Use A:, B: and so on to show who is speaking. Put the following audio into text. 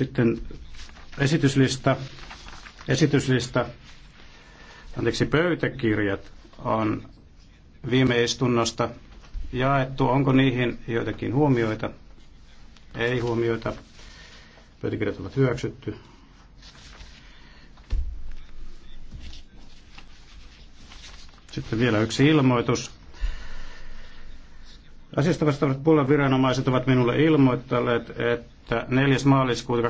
A: Sitten esityslista, esityslista, anteeksi, pöytäkirjat on viime istunnosta jaettu. Onko niihin joitakin huomioita? Ei huomioita. Pöytäkirjat ovat hyväksytty. Sitten vielä yksi ilmoitus. Asiasta vastaavat puolen viranomaiset ovat minulle ilmoittaneet, että 4. maaliskuuta